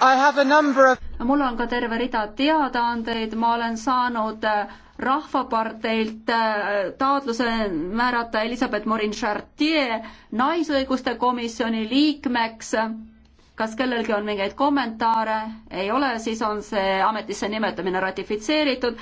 Of... mul on ka terve rida teadaandeid, ma olen saanud äh, Rahvaparteilt äh, taotluse määrata Elizabeth Morin Chartier naisõiguste komisjoni liikmeks. kas kellelgi on mingeid kommentaare? ei ole, siis on see ametisse nimetamine ratifitseeritud.